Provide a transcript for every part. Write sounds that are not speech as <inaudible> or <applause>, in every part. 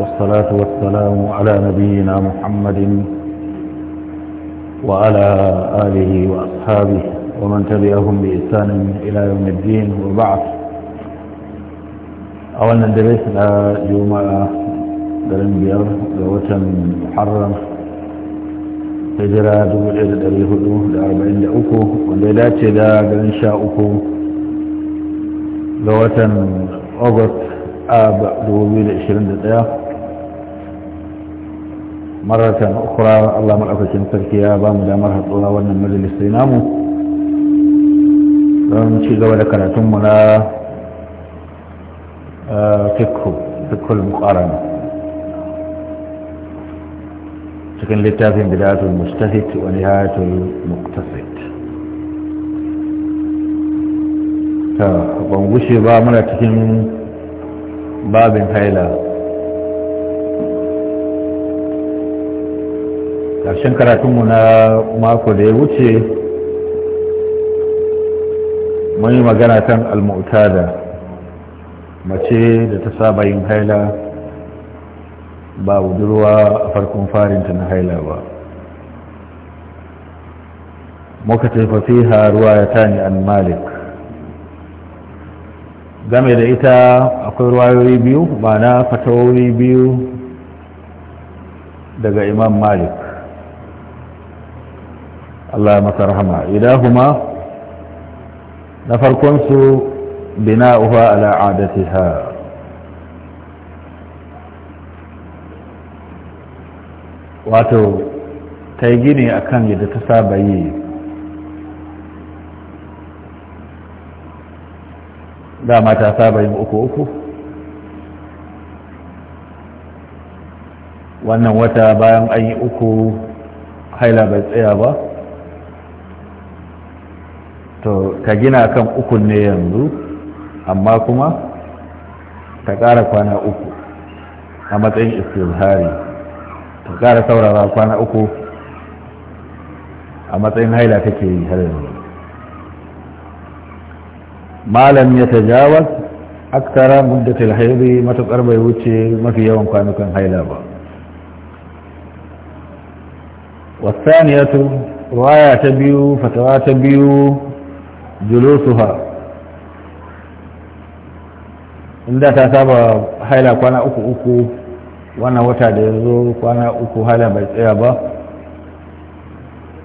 والصلاة والسلام على نبينا محمد وعلى آله وأصحابه ومن تبعهم بإحسان إلى يوم الدين وبعد أولا درسنا جمعة درنبير لوتن محرم hijira 1443 wanda ya dace da garin sha uku ga watan august a 2021 Marasa ta ukura Allah maɗaukakin sarki ya bamu damar hatsuwa wannan majalisa ya namu don ci gaba da karatunmu na eh, fikku fikkulun cikin littafin bidatun mustahid wa nihayatul muqtasid ta ban gushe ba muna cikin babin haila ƙarshen karatunmu na mako da ya wuce mun yi magana kan da mace da ta saba yin haila ba budurwa a farkon farinta na haila ba muka taifafi ruwa ya tani an malik game da ita akwai ruwayoyi biyu ma'ana fatawoyi biyu daga imam malik Allah masa rahama idahuma na farkon su bina'uha ala adatiha wato ta yi gini akan yadda ta saba yi dama ta saba yin uku uku wannan wata bayan an yi uku haila bai tsaya ba to ka gina kan ukun ne yanzu amma kuma ta ƙara kwana uku a matsayin istizhari ta ƙara saurara kwana uku a matsayin haila take yi har yanzu malam ya tajawaz aktara muddatul haidi matuƙar bai wuce mafi yawan kwanukan haila ba wasaniyatu ruwaya ta biyu fatawa ta biyu julusuha inda ta saba haila kwana uku uku wannan wata da ya zo kwana uku haila bai tsaya ba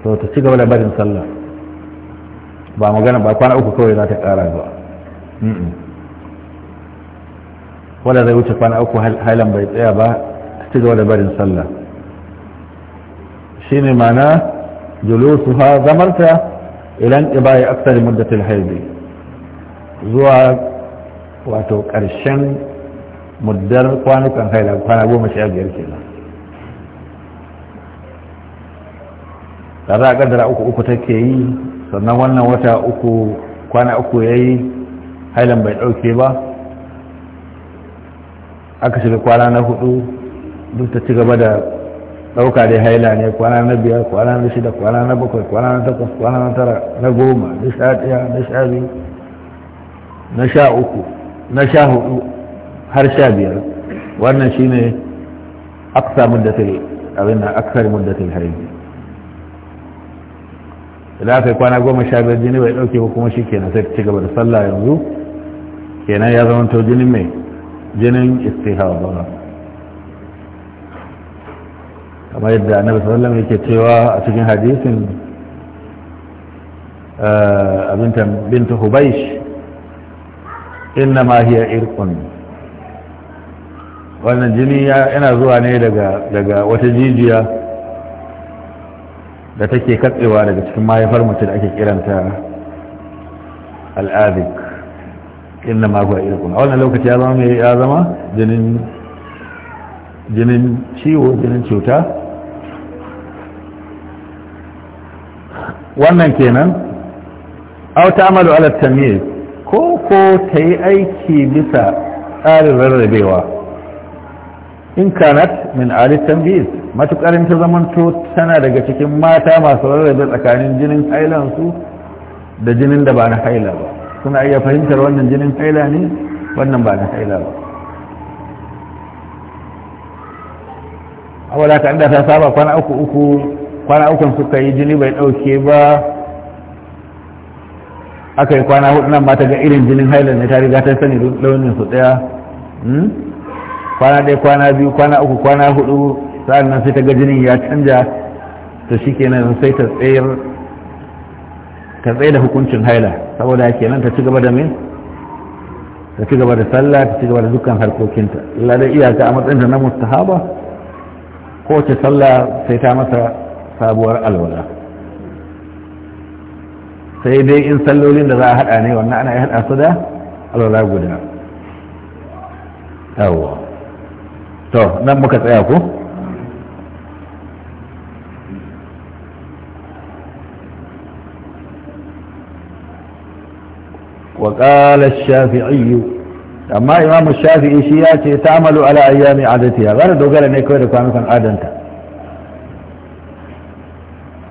to ta ci gaba da barin sallah ba magana ba kwana uku kawai za ta kara ba wanda zai wuce kwana uku hailan bai tsaya ba ci gaba da barin sallah shine mana julusuha zamarta ilan ɗibaye aksar muddatul haibi zuwa wato ƙarshen muddar kwanukan haila kwana goma sha biyar kenan da za a ƙaddara uku uku take yi sannan wannan wata uku kwana uku ya yi hailan bai ɗauke ba aka shiga kwana na hudu duk ta ci gaba da ɗauka dai haila ne kwana na biyar kwana na shida kwana na bakwai kwana na takwas kwana na tara na goma na sha ɗaya na sha biyu na sha uku na sha hudu har sha biyar wannan shine aksa muddatul abin nan aksar muddatul haila idan aka yi kwana goma sha biyar jini bai ɗauke ba kuma shi kenan sai ci gaba da sallah yanzu kenan ya zama to jinin mai jinin bauna. kamar yadda annabi sallallahu yake cewa a cikin hadisin eh, abinta binta hubaish inna ma hiya irqun wannan jini yana zuwa ne daga daga wata jijiya da take katsewa daga cikin mahaifar mutum da ake kiranta al'adik inna ma huwa irqun a wannan lokaci ya zama ya zama jinin jinin ciwo jinin cuta wannan kenan aw ta'malu ala tamyiz ko ko tayi aiki bisa tsarin rarrabewa in kanat min ali tamyiz matukar ta zamanto tana daga cikin mata masu rarrabe tsakanin jinin hailan su da jinin da ba na haila ba suna iya fahimtar wannan jinin haila ne wannan ba na haila ba a ta inda ta saba kwana uku uku kwana ukun suka yi jini bai ɗauke ba aka yi kwana hudu nan ba ta ga irin jinin hailan ne ta riga ta sani launin su ɗaya hmm? kwana ɗaya kwana biyu kwana uku kwana hudu sa'an nan sai ta ga jinin ya canja to shi kenan sai ta tsayar ta tsaye da hukuncin haila saboda kenan ta ci gaba da min ta ci gaba da sallah ta ci gaba da dukkan harkokinta illa iyaka a matsayin da na mustahaba kowace sallah sai ta masa sabuwar alwala sai dai in sallolin da za a haɗa ne wannan ana haɗa su da alwala guda yawwa to nan muka tsaya ko وقال الشافعي amma imamu shafi'i shi ce ta amalu ala ayyami adatiya gara dogara ne kawai da kwanukan adanta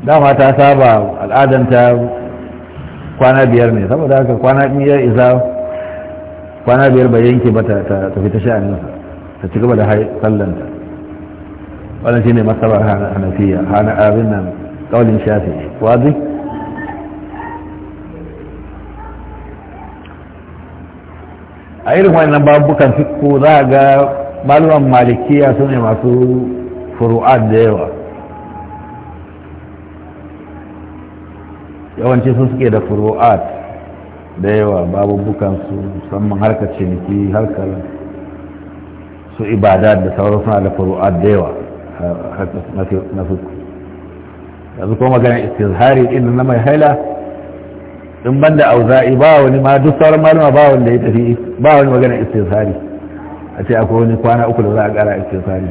dama ta saba al'adanta kwana biyar ne saboda haka kwana biyar isa kwana biyar bai yanke ba ta fi ta masa ta ci gaba da sallanta wannan shine masaba hanafiya hana abin nan kaulin shafi wazi a irin wannan babukan fiko za a ga malaman malikiya su ne masu furu'ad da yawa yawanci sun suke da furu'at da yawa babu bukansu musamman harkar ciniki harkar su ibada da sauran suna da furu'at da yawa na fuku yanzu kuma magana istizhari din na mai haila in ban da auza'i ba wani ma duk sauran malama ba wanda ya tafi ba wani magana istizhari a ce akwai wani kwana uku da za a kara istizhari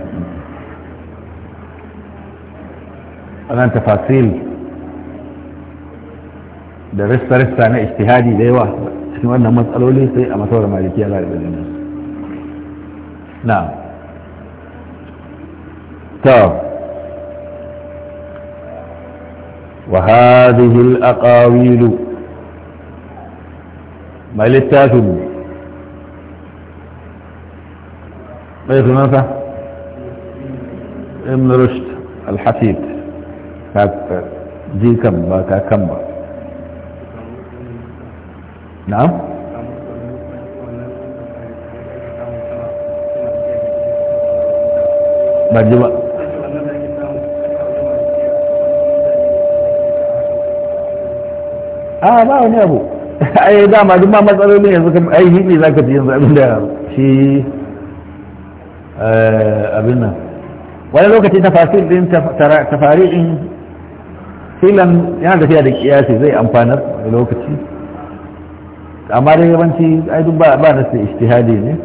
anan tafasil da rista-rista na istihadi da yawa cikin wannan matsaloli sai a masawar maliki ya a da jinin na ta wa hadhihi al-aqawil mai littafin mai sunansa ibn rushd al-hafid jikan ba ka kan ba na'am ba ji ah, a wani <laughs> ai dama duk ma matsaloli yanzu eh, wani lokaci tafasir din in filan yana tafiya da kiyasi zai amfanar lokaci amma dai yawanci ai duk ba na su ijtihadi ne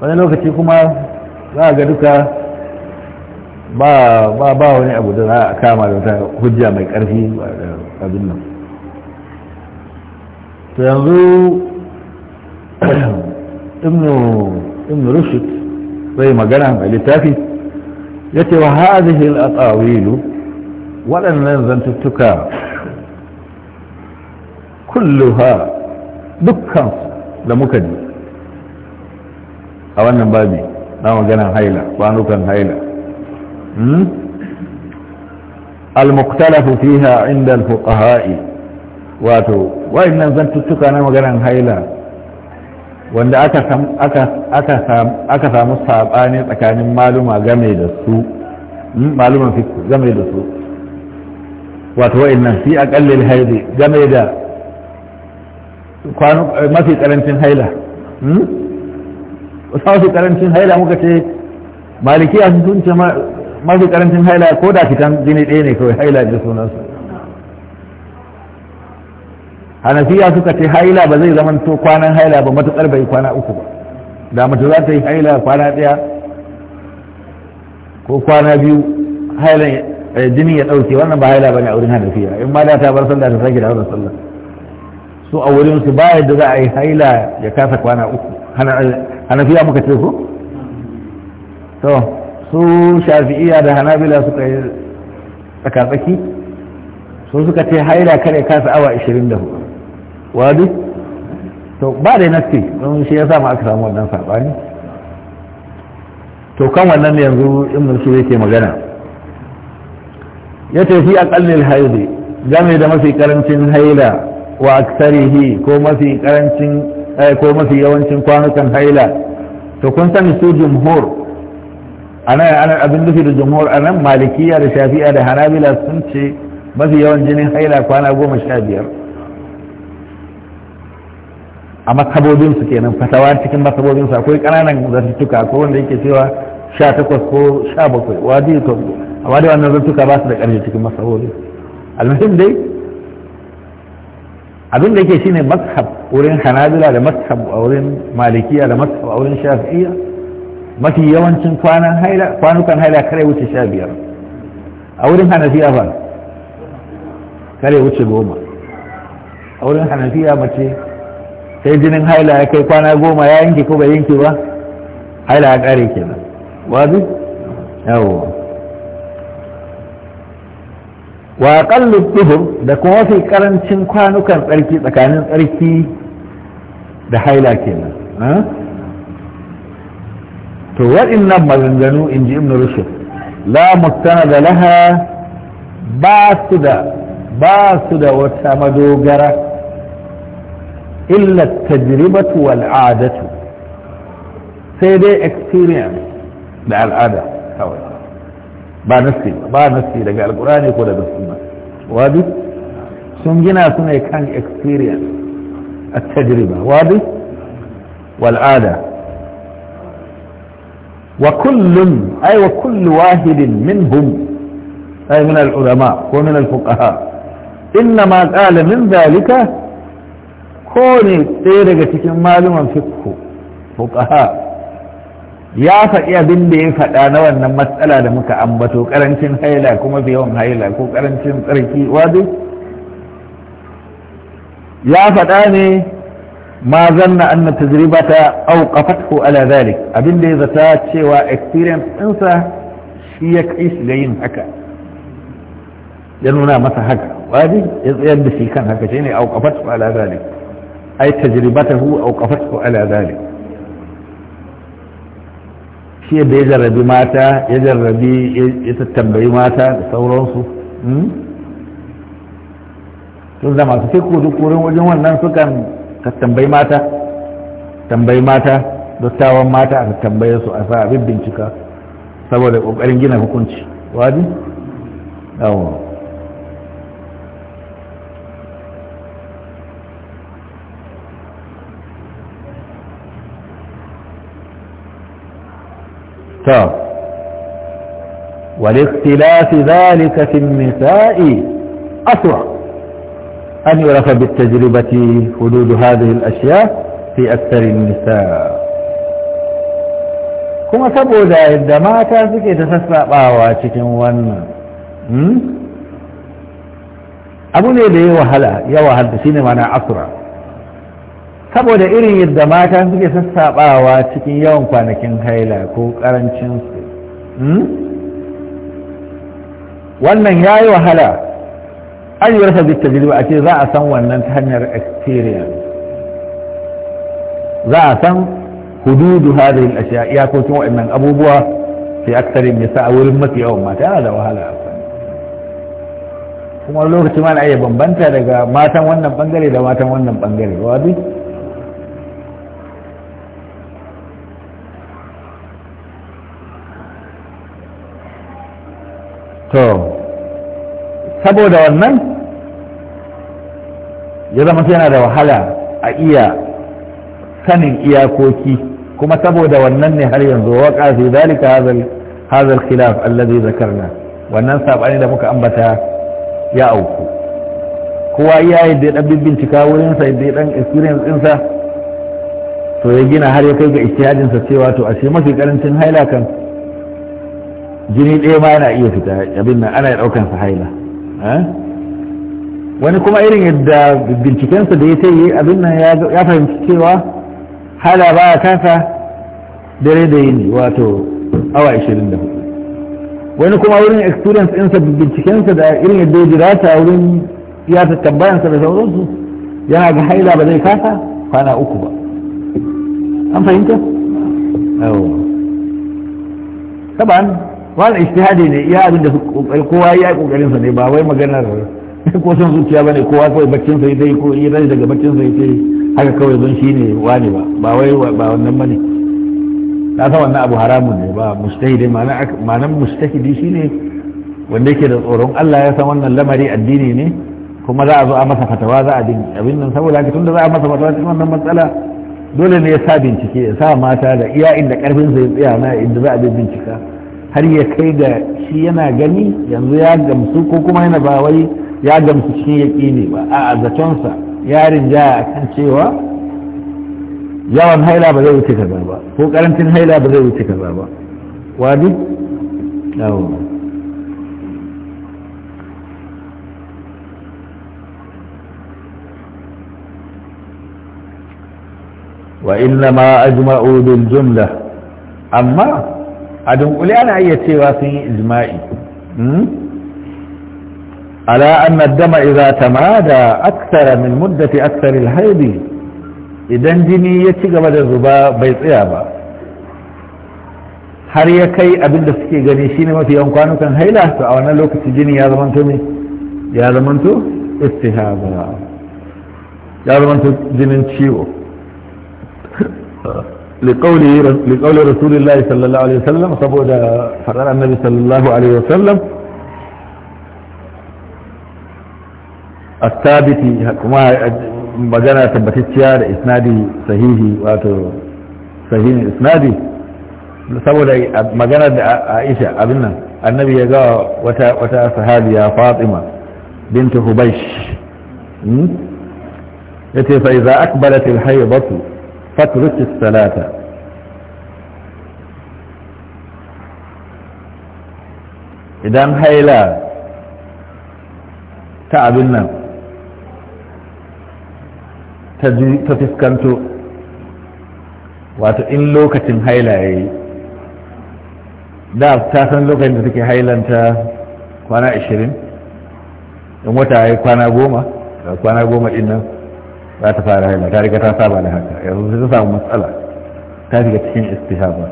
wani lokaci kuma za ga duka ba ba ba wani abu da za a kama da wata hujja mai karfi abin nan to yanzu ibnu ibnu rushd zai magana mai littafi ya ce wa hadhihi al-atawilu waɗannan zantuttuka kulluha dukkan da muka ji a wannan babi na maganan haila kwanukan haila hmm? al-muqtalafu fiha inda al-fuqaha'i wato wa'annan zantuttuka na maganan haila wanda aka samu saɓani tsakanin maluma game da su hmm? maluman game da su wato wa'annan fi a aƙallil haidi game da Eh, mafi karancin haila hmm? mafi karancin haila muka ce a sun ce mafi karancin haila ko da fitan jini ɗaya ne kawai haila da sunansu hanafiya suka ce haila ba zai zama to kwanan haila ba matuƙar bai kwana uku ba da mace za ta yi haila kwana ɗaya ko kwana biyu hailan eh, jini ya ɗauke wannan ba haila ba ne a wurin hanafiya in ma da ta bar sallah ta sake da wannan sallah su a wurin su ba da za a yi haila ya kasa kwana uku hanafiya muka ce su? to su shafi'iya da hanabila suka yi tsakatsaki su suka ce haila kare kasa awa 24 wadu to ba da nasti don shi ya samu aka samu wannan sabani to kan wannan ne yanzu mulki su yake magana ya tafi a aqallil haidi game da mafi karancin haila wa aksarihi ko mafi karancin eh, ko mafi yawancin kwanukan haila to kun sani su jumhur anan ana abin nufi da jumhur anan malikiya da shafi'a da hanabila sun ce mafi yawan jinin haila kwana goma sha biyar a masabobinsu kenan fatawa cikin su akwai ƙananan zartuka ko wanda yake cewa sha takwas ko sha bakwai wadi to amma dai wannan zartuka ba su da karfi cikin masabobin almasin dai abin da yake ne mashab wurin hanabila da mashab a wurin malikiya da mashab a wurin shafi'iyya mafi yawancin kwanukan haila kare wuce sha biyar a wurin hanafiya ba kare wuce goma a wurin hanafiya mace sai jinin haila ya kai kwana goma ya yanke ko bai yanke ba haila ya kare kenan wazi yawon wa aqallu da kuma mafi karancin kwanukan tsarki tsakanin tsarki da haila kenan to waɗannan maganganu in ji ibn rushd la mustanada laha ba su da ba su da wata madogara illa tajribatu wal adatu sai dai experience da al'ada kawai ba nassi ba nassi daga alkurani ko daga sunna wadi sun gina su ne kan experience a tajriba wadi wal'ada wa kullum ay wa kullu wahidin minhum ay min al-ulama ko min al-fuqaha إنما قال من ذلك كوني تيرك تكن معلوما فقه فقهاء ya faɗi abin da ya faɗa na wannan matsala da muka ambato ƙarancin haila kuma fi yawan haila ko ƙarancin tsarki wadu ya faɗa ne ma zanna anna tajribata aw qafathu ala zalik abin da ya zata cewa experience ɗinsa shi ya kai shi ga yin haka ya nuna masa haka wadu ya tsayar da shi kan haka shine aw qafathu ala zalik ai tajribatahu aw qafathu ala zalik shi da ya jarrabi mata ya jarrabi ya tattambayi mata da sauransu hmm? tun zama masu teku duk wurin wajen wannan sukan tattambayi mata tambayi mata dattawan mata a tambaye su a sa abin bincika saboda kokarin gina hukunci wadi? yawon الاختصار ولاختلاف ذلك في النساء أسرع أن يعرف بالتجربة حدود هذه الأشياء في أكثر النساء كما سبو ذا إذا ما كان تازك يتسسل باواتك وان أبو لي لي وهلا يا وهل بسين معنا أسرع saboda irin yadda mata suke sassaɓawa cikin yawan kwanakin haila ko ƙarancinsu hmm? wannan ya yi wahala an yi rasa a ce za a san wannan ta hanyar experience za a san hududu hadhihi al-ashya iyakokin waɗannan abubuwa fi ya sa a wurin mafi yawan mata yana da wahala kuma lokaci ma na iya bambanta daga matan wannan bangare da matan wannan bangare wa to saboda wannan ya zama yana da wahala a iya sanin iyakoki kuma saboda wannan ne har yanzu waka sai zalika hazal hazal khilaf allazi zakarna wannan sabani da muka ambata ya auku kowa iya yadda ya dan bincika wurin sa yadda ya dan experience din sa to ya gina har ya kai ga ijtihadin sa cewa to ashe mafi karancin haila kan jini ɗaya ma yana iya fita abin nan ana ɗaukan sa haila wani kuma irin yadda bincikensa da ya ta yi abin nan ya fahimci cewa hala ba a dare da yini wato awa 24 wani kuma wurin experience ɗinsa bincikensa da irin yadda ya jira ta wurin ya ta tambayansa da sauransu yana ga haila ba zai kasa kwana uku ba an fahimta? taban wannan ijtihadi ne ya abin da kowa ya yi kokarin sa ne ba wai maganar <laughs> ko son zuciya bane kowa kawai baccin sa yayi ko yi rai daga baccin sa yake haka kawai zan shine wani ba ba wai ba wannan bane ka san wannan abu haramun ne ba mustahidi ma'anar mustahidi shine wanda yake da tsoron Allah ya san wannan lamari addini ne kuma za a zo a masa fatawa za a din abin nan saboda haka tunda za a masa fatawa cikin wannan matsala dole ne ya sa bincike ya sa mata da iya inda karfin sa ya tsaya na inda za a bincika har ya kai ga shi yana gani yanzu ya gamsu ko kuma yana ba wai ya gamsu shi ya ne ba a zatonsa ya rinja a kan cewa yawan haila ba zai wuce kaza ba ko karancin haila ba zai wuce kaza ba wadi yawon وإنما أجمعوا بالجملة أما a dunkule ana iya cewa sun yi ijma'i hmm? ala anna dama idza tamada akthara min muddati aksarin al idan jini ya ci gaba da zuba bai tsaya ba har ya kai abin da suke gani shine mafi yawan kwanukan haila to a wannan lokaci jini ya zamanto ne ya zamanto istihaba ya zamanto jinin ciwo لقوله لقول رسول الله صلى الله عليه وسلم صبوا ده فرار النبي صلى الله عليه وسلم الثابت كما بجانا ثبت السيار اسنادي صحيح واتو صحيح اسنادي صبوا ده مجانا عائشة ابنا النبي يقع وتا, وتا صحابي فاطمة بنت خبيش يتي فإذا أكبرت الحيضة fatruki salata idan haila ta abin nan ta fiskanto wato in lokacin haila ya yi da ta san lokacin da take hailanta kwana 20 in wata ya yi kwana goma kwana goma din nan za ta fara haila ta riga ta saba da haka yanzu ta samu matsala ta shiga cikin istihaba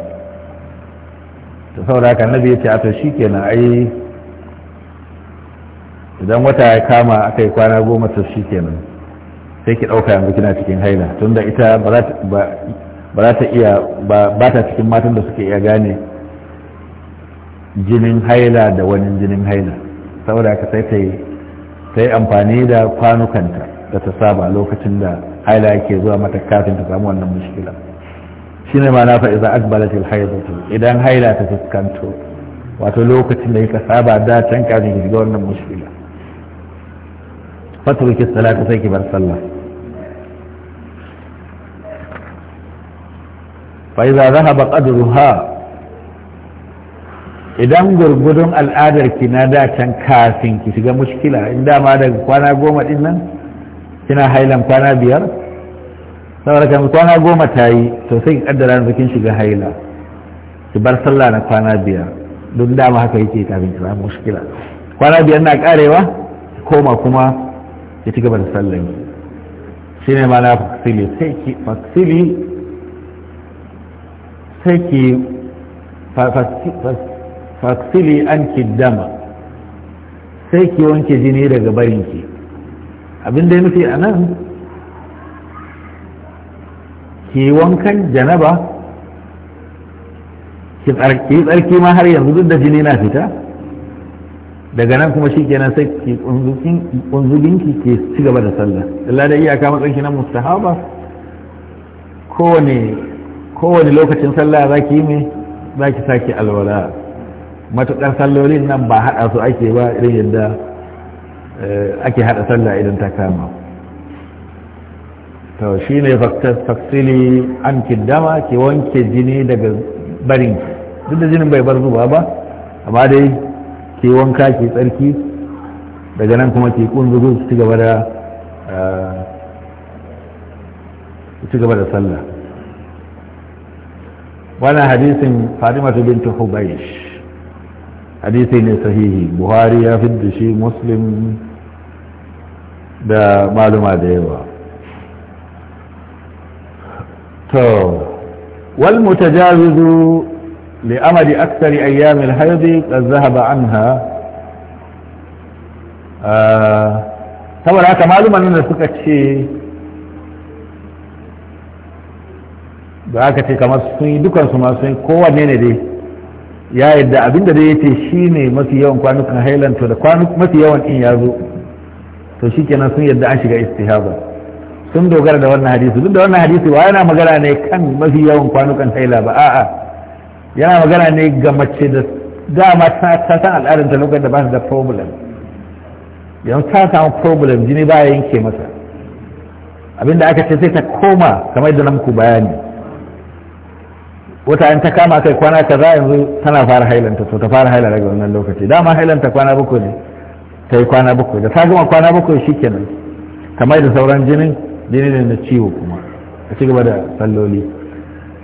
to saboda haka annabi ya ce a to shi kenan ai idan wata ya kama aka yi kwana goma to kenan sai ki ɗauka yanzu kina cikin haila tunda ita ba za ta iya ba ta cikin matan da suke iya gane jinin haila da wani jinin haila saboda haka sai ta yi amfani da kwanukanta da ta saba lokacin da haila yake zuwa mata kafin ta samu wannan mushkila shi ne mana fa idan akbalatil haidatu idan haila ta fuskanto wato lokacin da yake saba da can kafin ki shiga wannan mushkila ki salata sai ki bar sallah fa idza zahaba qadruha idan gurgudun al'adar ki na da can kafin ki shiga mushkila inda ma daga kwana goma din nan kina hailan kwana biyar saboda kan kwana goma ta yi to sai ki kaddara yanzu kin shiga haila ki bar sallah na kwana biyar duk dama haka yake kafin ki samu mushkila kwana biyar na karewa ki koma kuma ki ci gaba da sallan shi ne ma na faksili sai ki faksili sai ki fasili an ki dama sai ki wanke jini daga barinki abin da ya nufi a nan ke wankan janaba ki tsarki ma har yanzu duk da jini na fita daga nan kuma shikenan sai ki ƙunzuginki ke ci gaba da sallah Allah da iyaka matsanki na mustahaba kowane kowane lokacin sallah za ki yi mai za ki sake alwala matuƙar sallolin nan ba haɗa su ake ba irin yadda Eh, ake hada sallah idan ta kama to shi ne faksili an kiddama ke wanke jini daga barin duk da jinin bai bar zuba ba amma dai ke wanka ke tsarki daga nan kuma ke kunzugu su ci gaba da eh, ci gaba da sallah wannan hadisin fatimatu bintu hubaysh حديثي صحيح بخاري في شيء مسلم ده معلومه ديوا تو والمتجاوز لأمد أكثر أيام الحيض قد ذهب عنها ثم آه. لك معلومة أننا سكت شيء بعكتي كما سكوين دوكا سما سكوين قوة نيني دي ya yadda abinda da ya ce shi ne mafi yawan kwanukan hailan to da mafi yawan in ya zo to shi kenan sun yadda an shiga istihaba sun dogara da wannan hadisi duk da wannan hadisi wa yana magana ne kan mafi yawan kwanukan haila ba a'a yana magana ne ga mace da dama ta san al'adar ta lokacin da ba su da problem yanzu ta samu problem jini ba yanke masa abinda aka ce sai ta koma kamar da na muku bayani wata in ta kama kai kwana kaza yanzu tana fara hailanta to ta fara haila daga wannan lokaci dama hailanta kwana bakwai ne ta yi kwana bakwai da ta gama kwana bakwai shikenan kamar da sauran jinin jini ne na ciwo kuma a ci gaba da salloli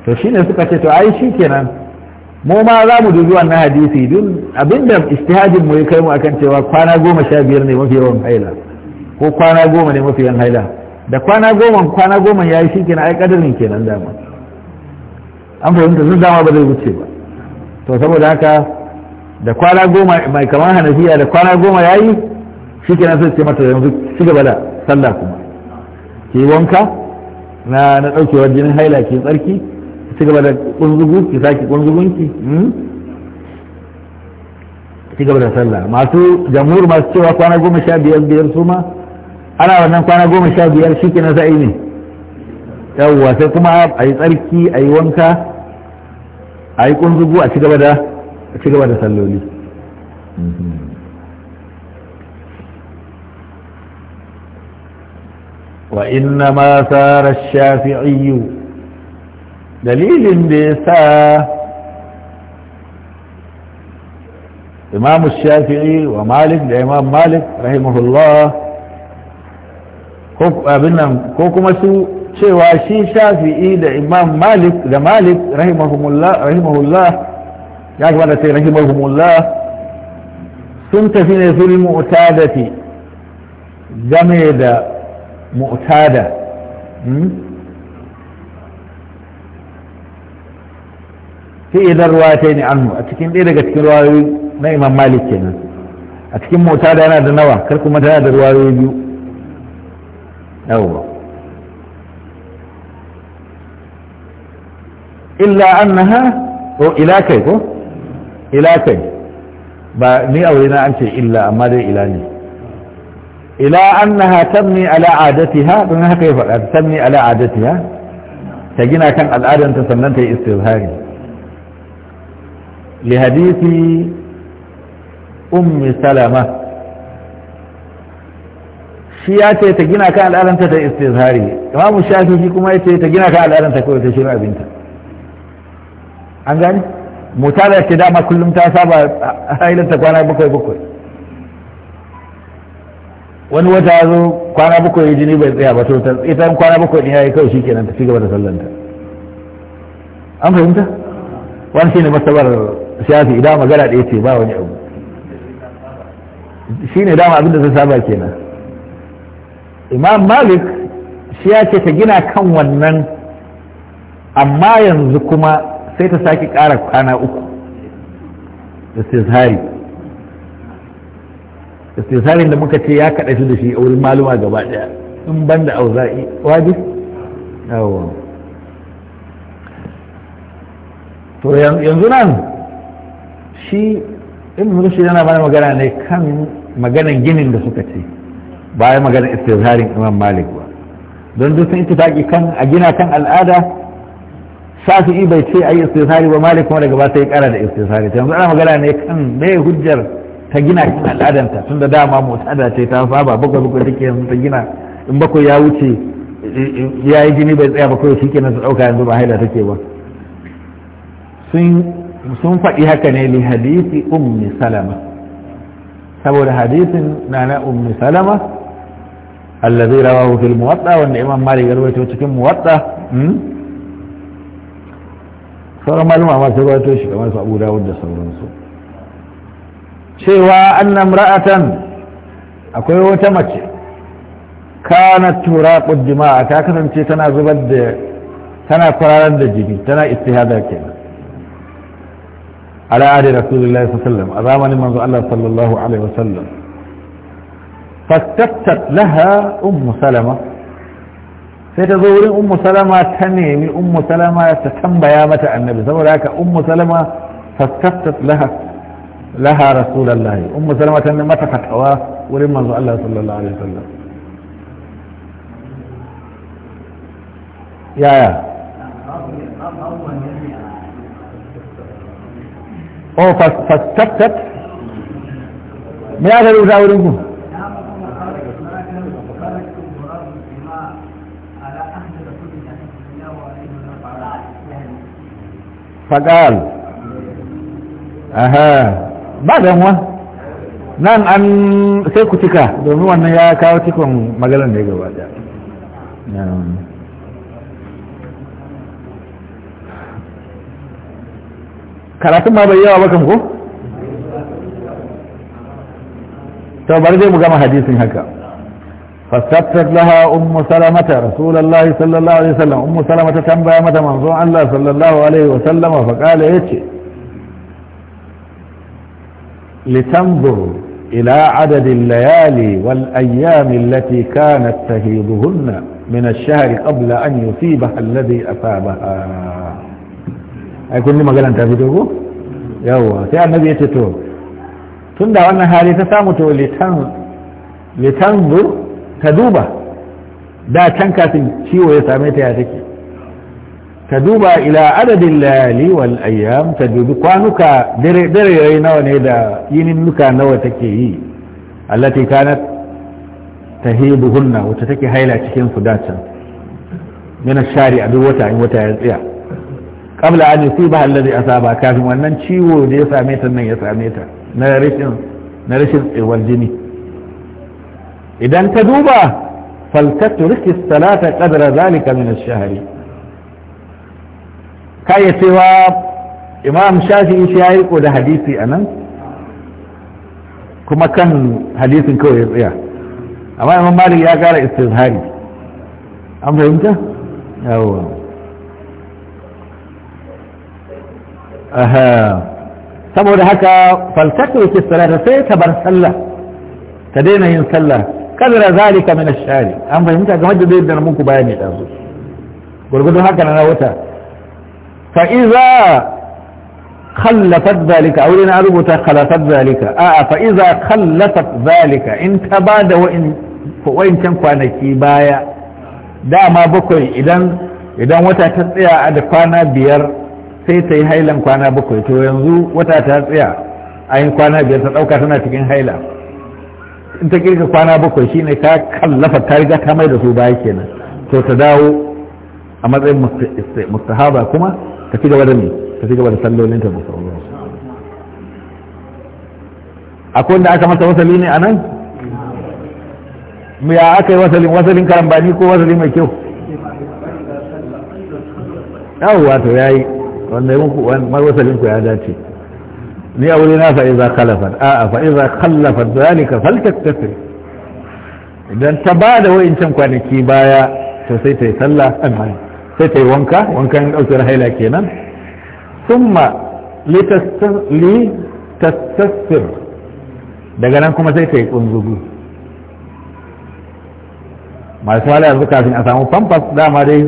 to shine suka ce to ai shikenan mu ma za mu dubi wannan hadisi dun abinda istihadin mu ya kai mu akan cewa kwana goma sha biyar ne mafi yawan haila ko kwana goma ne mafi yawan haila da kwana goma kwana goma ya yi shikenan ai kadarin kenan dama an fahimta sun dama ba zai wuce ba to saboda haka da kwana goma mai kamar hanafiya da kwana goma ya yi shi kenan sai ce mata yanzu ci gaba da sallah kuma ki wanka na na daukewar jinin haila ki tsarki ci gaba da kunzugu ki saki kunzugunki hmm? ci gaba da sallah masu jamhur masu cewa kwana goma sha biyar biyar su ma ana wannan kwana goma sha biyar shi kenan sai ne yawwa sai kuma a yi tsarki a yi wanka a yi kunzugu a cigaba da a cigaba da salloli wa inna ma sara shafi'i dalilin da ya sa imamu shafi'i wa malik da imam malik rahimahullah ko abin nan ko kuma su cewa shi shafi'i da imam malik da malik rahimahullah ya kamata sai rahimahumullah sun tafi ne zuri fil fi game da mu'tada fi idan ruwa ta ne annu a cikin ɗaya daga cikin ruwayoyi na imam malik kenan a cikin mu'tada yana da nawa kar kuma tana da ruwayoyi biyu yawon illa annaha ko ila kai ko ila kai ba ni aure na an ce illa amma dai ila ne ila annaha tamni ala adatiha don haka ya faɗa tamni ala adatiha ta gina kan al'adanta sannan ta yi istizhari li hadisi ummi salama shi ya ce ta gina kan al'adanta ta istizhari mu shafi shi kuma ya ce ta gina kan al'adanta kawai ta shirin abinta an gani da ke dama kullum ta saba hailarta kwana bakwai bakwai wani wata ya zo kwana bakwai jini bai tsaya ba to ta ita kwana bakwai ne ya yi kawai shikenan ta cigaba da sallanta an fahimta wani shine masabar siyasi idan magana ɗaya ce ba wani abu shine dama abinda ta saba kenan imam malik shi ya ce ta gina kan wannan amma yanzu kuma sai ta sake ƙara kwana uku istizhari istizharin da muka ce ya shi da shi a wurin maluma gaba ɗaya in ban da auza'i wajib yawon to yanzu nan shi ibn shi yana bada magana ne kan maganan ginin da suka ce bayan ya magana istizharin imam malik ba don duk ita ittifaqi kan a gina kan al'ada yi bai ce a yi istisari ba malik kuma daga ba sai kara da istisari ta yanzu ana magana ne kan mai hujjar ta gina cikin al'adanta tunda dama mutada ce ta saba bakwai bakwai take yanzu ta gina in bakwai ya wuce ya yi jini bai tsaya bakwai shi kenan su ɗauka yanzu ba haila take ba sun faɗi haka ne li hadisi ummi salama saboda hadisin na na ummi salama allazi rawahu fil muwatta wanda imam malik ya rawaito cikin muwatta hmm? sauran maluma ma ta rawaito shi kamar su abu dawud da sauransu cewa annan ra'atan akwai wata mace kanat turaqu jima'a ta kasance tana zubar da tana kwararar da jini tana istihada kenan ala adi rasulullahi sallallahu alaihi wasallam a zamanin manzo Allah sallallahu alaihi wasallam fastattat laha ummu salama sai ta zo wurin ummu salama ta nemi ummu salama ta tambaya mata annabi saboda haka ummu salama fastastat laha laha rasulullahi ummu salama ta nemi mata fatawa wurin manzo Allah sallallahu alaihi wasallam yaya oh fastastat me aka rubuta wurin ku فقال اها بعد هو nan an sai ku cika domin wannan ya kawo cikin maganar da ya gabata karatun ma bai yawa bakan ku? to bari zai mu gama hadisin haka فاستفتت لها أم سلمة رسول الله صلى الله عليه وسلم أم سلمة تنبأ بامة منظوعا الله صلى الله عليه وسلم فقال إيش لتنظر إلى عدد الليالي والأيام التي كانت تهيضهن من الشهر قبل أن يصيبها الذي أصابها أيكون لما قال أنت أفيدوه يوه سيئا النبي يتتو تندى وأن هالي تسامتو لتنظر ka duba da can kafin ciwo ya same ta ya take ka duba ila adadin layali wal ayyam ta dubi kwanuka dare yayi nawa ne da yinin nuka nawa take yi ta kanat tahibuhunna wata take haila cikin su can min ashari a duk wata in wata ya tsaya qabla an yusiba alladhi asaba kafin wannan ciwo da ya same ta nan ya same ta na rashin na rashin jini idan ka duba faltatturik salata qadra zalika min ash-shahri kai cewa imam shafi'i shi ya yi ko da hadisi a nan. kuma kan hadisin kawai ya tsaya amma imam malik ya gara istizhari an fahimta yawo. saboda haka faltatturik salata sai ta bar sallah ta daina yin sallah kadara zalika min ash-shari an fahimta kamar da zai da muku bayani da su gurgudun haka na wata fa iza khallafat zalika aure na rubuta khallafat zalika a'a fa iza khallafat zalika in ta ba da wa'incan kwanaki baya dama bakwai idan idan wata ta tsaya da kwana biyar sai ta yi hailan kwana bakwai to yanzu wata ta tsaya a yin kwana biyar ta ɗauka tana cikin haila in ta kirka kwana bakwai shine ta kallafa ta riga ta mai da su baya kenan to ta dawo a matsayin mustahaba kuma ta fi gaba da me ta fi gaba da sallolin ta musamman akwai wanda aka masa wasali ne a nan ya aka yi wasalin wasalin karambani ko wasali mai kyau yawo wato yayi wanda yi muku wasalin ku ya dace ni a na fa iza khalafat a'a fa iza khalafat zalika faltaktasir idan ta ba da wa'incan kwanaki baya to sai ta yi sallah sai ta yi wanka wankan ɗaukar haila kenan summa litastasir daga nan kuma sai ta yi ƙunzugu masu hali yanzu kafin a samu pampas dama dai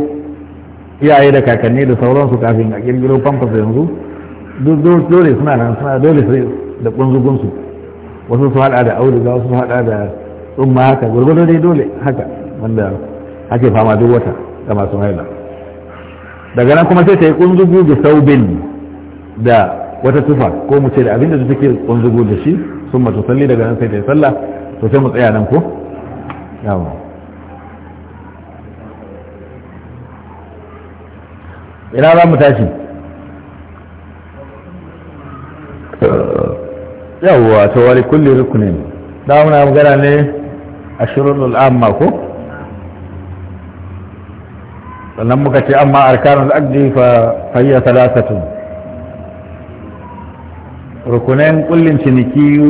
iyaye da kakanni da sauransu kafin a ƙirƙiro pampas yanzu dole suna nan suna dole sai da kunzugunsu wasu su hada da auduga wasu su hada da tsumma haka gurgudu dai dole haka wanda ake fama duk wata da masu haila daga nan kuma sai ta yi kunzugu da saubin da wata tufa ko mu ce da abinda da take kunzugu da shi sun mata salli daga nan sai ta yi sallah to sai mu tsaya nan ko yawa ina za mu tashi yawwa to wani kulli rukunin da muna magana ne a shirin amma ko sannan muka ce amma arkanun aqdi fa fayya talatatu rukunin kullin ciniki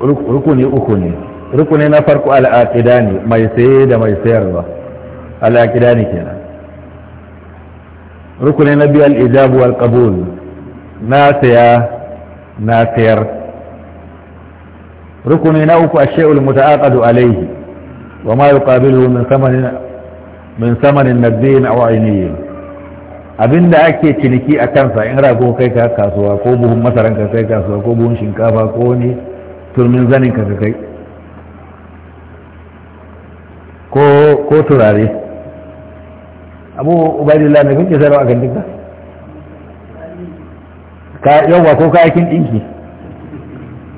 rukuni uku ne rukuni na farko al'aqida ne mai saye da mai sayarwa al'aqida ne kenan rukuni na biyu al'ijabu wal na saya na sayar rukuni na uku a she'ul muta'aqadu alaihi wa ma yuqabiluhu min samanin min samanin nabdiyin aw ainiyin abinda ake ciniki a kansa in rago kai ka kasuwa ko buhun masaran ka kai kasuwa ko buhun shinkafa ko ne turmin zanin ka kai ko turare abu ubaidillah ne kake sarwa a gandun ka yawwa ko kayakin ɗinki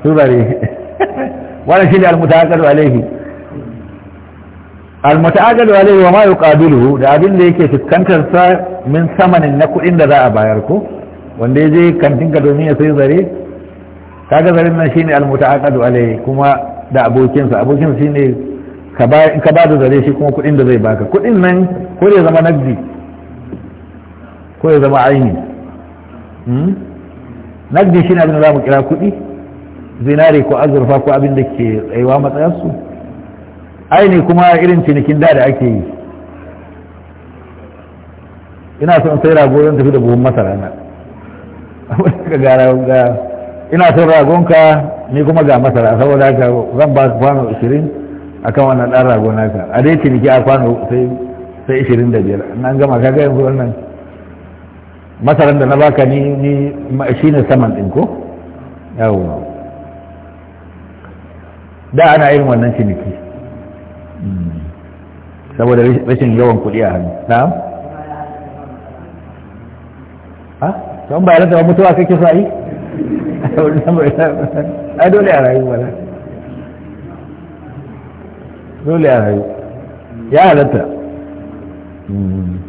bare <laughs> wannan shi ne almuta'akadu alaihi almuta'akadu alaihi wa ma yuqabiluhu da abin da yake fuskantar sa min samanin na kuɗin da za a bayar ko wanda ya je kantin ka domin ya sai zare kaga zarin nan shine almuta'akadu alaihi kuma da abokinsa abokinsa shine ka ba in ka ba da zare shi kuma kuɗin da zai baka kuɗin nan ko ya zama nagdi ko ya zama aini hmm? nagdin shi ne abin da za mu kira kuɗi zinare ko azurfa ko abin da ke tsayuwa matsayarsu aini kuma irin cinikin da da ake yi ina son sai rago zan tafi da buhun masara na <laughs> ina son ragonka ni kuma ga masara saboda haka zan ba ka kwano 20 akan wannan ɗan rago naka a dai ciniki a kwano sai 25 nan gama kaga yanzu wannan masaran da na baka ni ni shi ne saman ɗin ko yawo da ana yin wannan ciniki hmm. saboda rashin yawan kuɗi a hannu na'am ha don ba da mutuwa kake sa yi <laughs> A dole a rayu wala dole a rayu ya halatta hmm.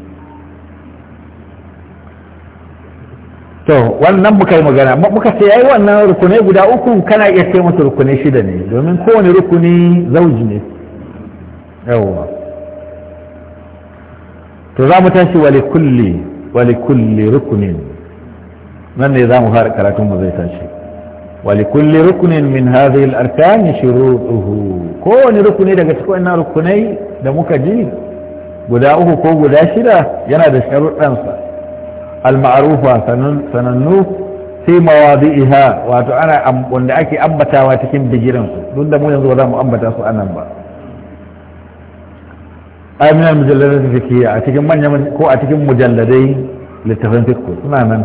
to wannan muka yi magana muka ce ai wannan rukunai guda uku kana iya ce musu rukunai shida ne domin kowane rukuni zauji ne yawa. to za mu tashi wali kulli wali kulli rukunin nan ne za mu fara karatun mu zai tashi wali kulli rukunin min hadhihi al-arkan shurutuhu kowane rukuni daga cikin wannan rukunai da muka ji guda uku ko guda shida yana da sharuɗansa al-ma'rufa sanannu fi mawadi'iha wato ana wanda ake ambatawa cikin bigiran su duk da mu yanzu ba za mu ambata su anan ba ay min al-mujalladat fikhiya a cikin manyan ko a cikin mujalladai littafin fiqh suna nan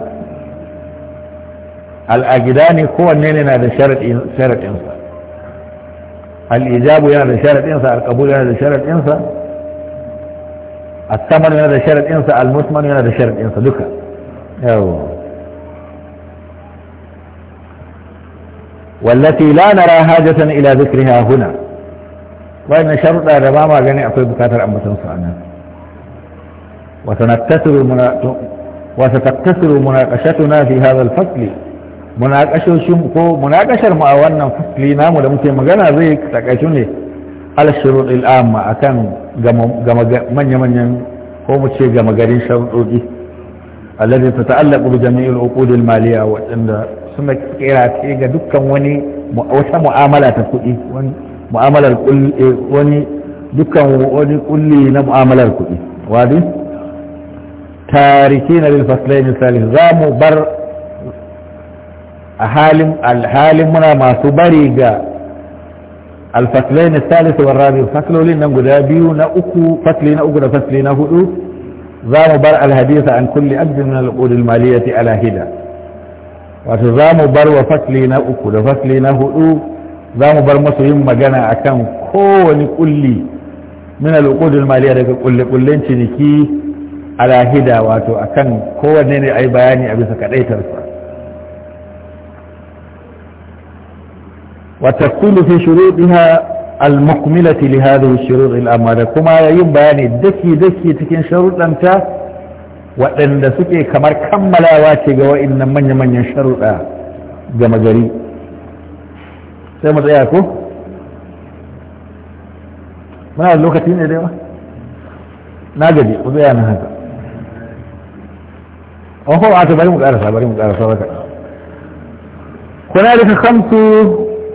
al-aqidani kowanne ne na da sharadin sharadin al-ijabu yana da sharadin sa al-qabul yana da sharadin sa yana da شرط al المثمن هذا شرط انسى ذكر والتي لا نرى حاجة إلى ذكرها هنا وإن شرط ربما غني أقول بكاتر أمة صعنا وسنكتسر منا... مناقشتنا في هذا الفصل مناقشة شمكو مناقشة مؤونا فصلنا نعم، ولمكن مغانا ذيك تكاشوني على الشروط الآمة أكان جم... جم... من يمن هو متشي جمجرين شروط alladhi tata'allaqu bi jami'i al-uqud al-maliya wadanda suna kira ce ga dukkan wani wata mu'amala ta kuɗi wani mu'amalar wani dukkan wani kulli na mu'amalar kuɗi wadi tarikina lil faslain salih za mu bar a halin alhalin muna masu bari ga الفصلين الثالث والرابع فصلولين نقول بيو نأكو فصلين أقول فصلين هدو za mu bar alhadisa an kulli abdin min alqudil maliyati ala hida wato za mu bar wa fasli na uku da fasli na hudu za mu bar masu yin magana akan kowane kulli min alqudil maliya daga kulli kullin ciniki ala hida wato akan kowanne ne ai bayani a bisa kadaitarsa wa tafsilu fi shurutiha المكملة لهذه الشروط الأمانة كما يبين بياني دكي دكي تكين شروط أنت وأن سكي كمر كملا واتي وإن من من يشروط آه، جمع جري سيما تأيكو ما هذا اللوكة اللوكتين إليه ناجدي وضيانا هذا وهو عاتبري مكارسة بري مكارسة لك خمس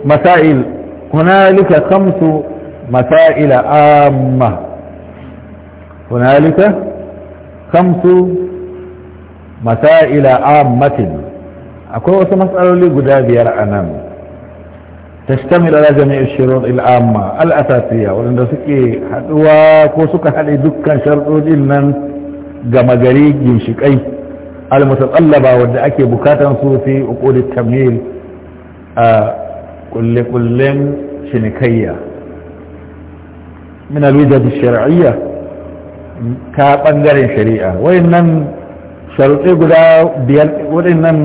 مسائل هنالك خمس مسائل عامة هنالك خمس مسائل عامة أكون وسط مسألة لقدابي الأنام تشتمل على جميع الشروط العامة الأساسية ولأنه سكي حدوى كوسك حدي دكا شرط جنا جمع جريج يمشك أي المتطلبة ودأكي بكاتا صوفي وقول التمهيل آه، kulle-kullen cinikayya min alwijar shari'iyya ta ɓangaren shari'a wayannan sharuɗe guda biyar waɗannan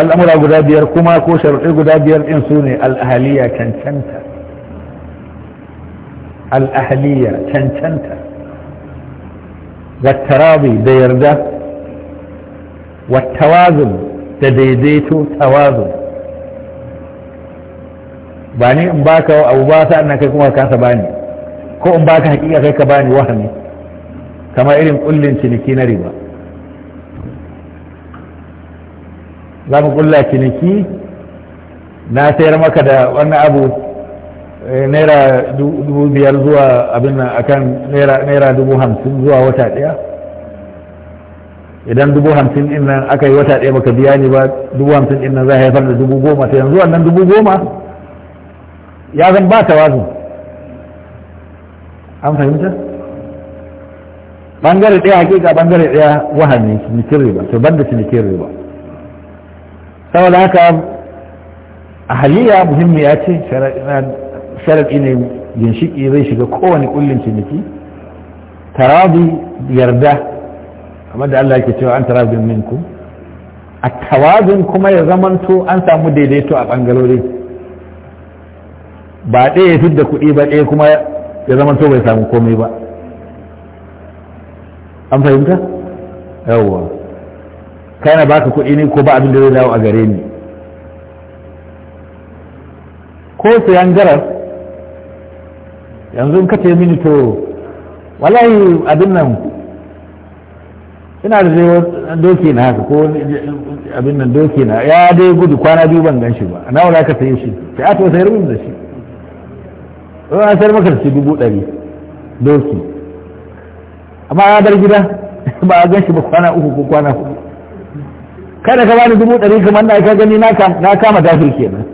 al'amura guda biyar kuma ko sharuɗe guda biyar ɗin su ne al'ahaliya cancanta al'ahaliya cancanta wattarabi da yarda wattawazun da daidaito tawazun ba ni in baka abu ba sa nan kai kuma kasa bani ko in baka hakika kai ka bani wahami kamar irin kullin ciniki na riba za mu kulla ciniki na sayar maka da wannan abu eh, naira dubu biyar zuwa abin nan akan naira dubu hamsin zuwa wata ɗaya idan dubu hamsin in nan aka yi wata ɗaya baka biya ni ba dubu hamsin in nan za a haifar da dubu goma sai yanzu wannan dubu goma ya zan ba tawazu an fahimta bangare ɗaya hakika bangare ɗaya wahani cinikin riba to banda cinikin riba saboda haka muhimmi ya ce sharaɗi ne ginshiki zai shiga kowane kullin ciniki tarabi yarda kamar da Allah ke cewa an tarabin minku a tawazin kuma ya zamanto an samu daidaito a bangarori ba ɗaya ya fidda kuɗi ba ɗaya kuma ya zama to bai samu komai ba an fahimta yawwa kana baka kuɗi ne ko ba abin da zai dawo a gare ni ko sayan garar yanzu in ka ce mini to wallahi abin nan ina da zai doki na haka ko abin nan doki na ya dai gudu kwana biyu ban gan shi ba na wala ka sayi shi ta to sayar min da shi in an sayar maka shi dubu ɗari doki amma ya bar gida <laughs> ba a gan shi ba kwana uku ko kwana hudu kada ka bani dubu ɗari kamar na ka gani na kama dafir kenan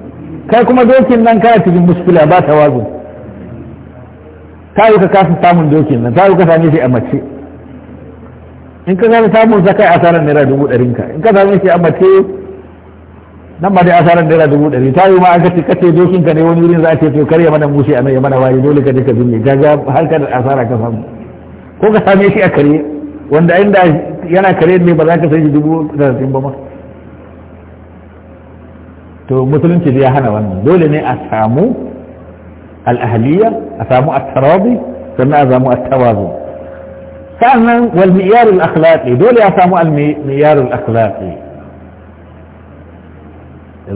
kai kuma dokin nan kana cikin muskila ba ta wazo ta yi ka kasa samun dokin nan ta yi ka same shi a mace in ka sami samun sa kai asarar naira dubu ɗarinka in ka same shi a mace nan ba dai asaran naira dubu ɗari ta yi ma an kace kace dokin ka ne wani wurin za a ce kare mana mushi a nan mana wari dole ka je ka binne ga ga harkar asara ka samu ko ka same shi a kare wanda inda yana kare ne ba za ka sai dubu talatin ba ma to musulunci ya hana wannan dole ne a samu al'ahaliya a samu at-tarabi sannan a samu at-tawazu sannan wal miyar al-akhlaqi dole a samu al miyar al-akhlaqi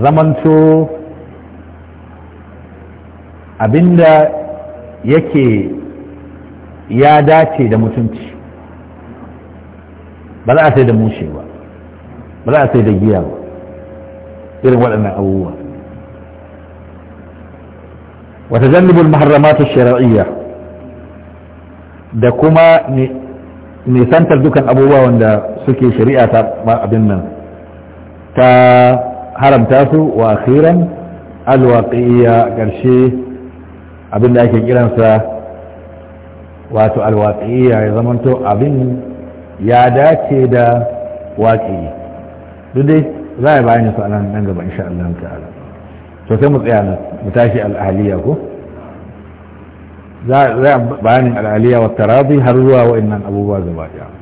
zamanto abinda yake ya dace da mutunci ba za a sai da mushe ba ba za a sai da giya ba irin waɗannan abubuwa wata zannibin maharramatu shari'iyya da kuma nisantar dukan abubuwa wanda suke shari'a ta abin nan ta haramta su wa akhiran alwaƙiyya ƙarshe abinda ake kiransa wato alwaƙiyya ya zamanto abin ya dace da waƙi duk dai za a bayani su anan nan gaba insha Allah ta'ala to sai mu tsaya mu tashi al'aliya ko za a bayanin al'aliya wa tarabi har zuwa wa'annan abubuwa gaba ɗaya